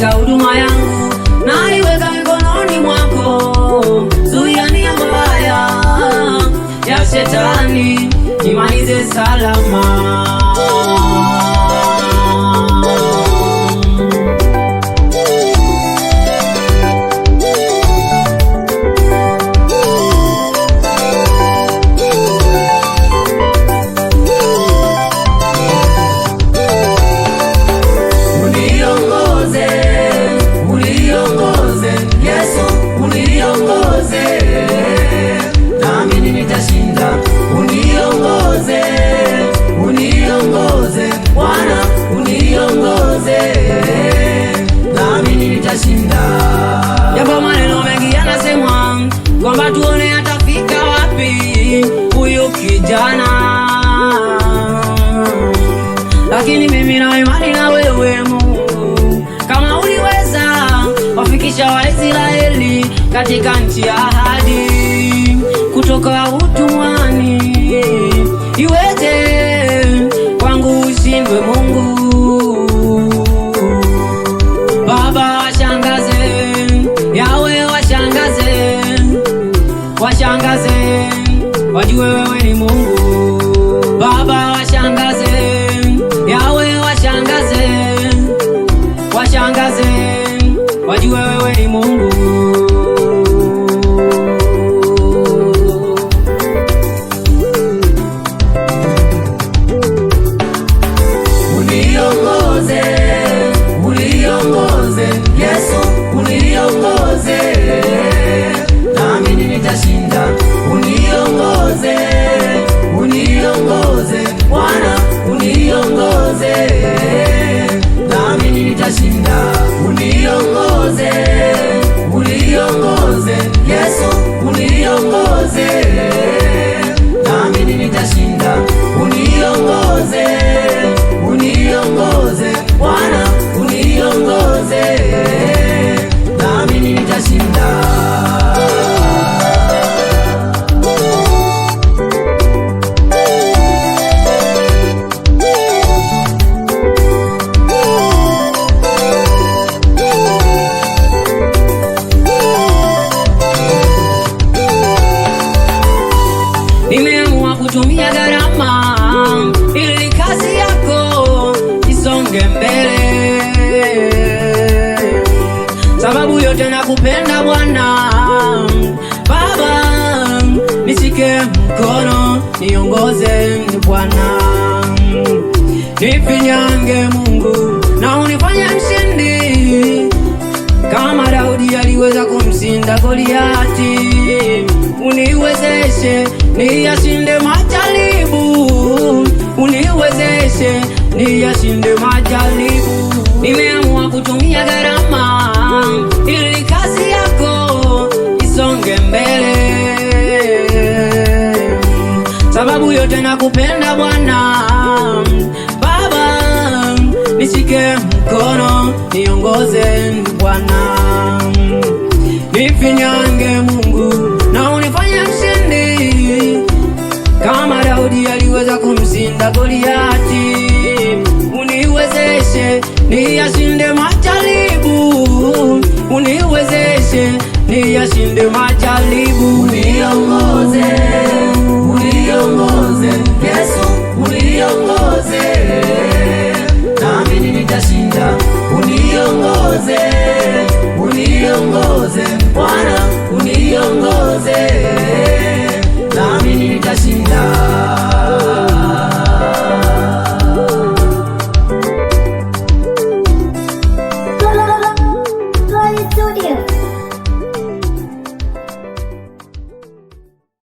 katika huduma yangu, naiweka mikononi mwako, zuiani ya mabaya ya shetani, nimalize salama. kwamba tuone atafika wapi huyu kijana, lakini mimi na imani na wewe Mungu, kama uliweza wafikisha Waisraeli katika nchi ya ahadi kutoka utumwani, iweje kwangu ushindwe Mungu? 梦。uniongoze, uniongoze Bwana, uniongoze Nimeamua kutumia gharama ili kazi yako isonge mbele. Sababu yote nakupenda Bwana Baba, nishike mkono niongoze Bwana, nifinyange Mungu na unifanye mshindi kama Daudi aliweza kumshinda Goliati, uniwezeshe niyashinde macha niwezeshe niyashinde majaribu. Nimeamua kutumia gharama ili kazi yako isonge mbele, sababu yote nakupenda Bwana Baba, nishike mkono niongoze Bwana nifinyange niyashinde majaribu, uniwezeshe niyashinde majaribu, uniongoze, uniongoze Yesu, uniongoze nami nitashinda, uniongoze, uniongoze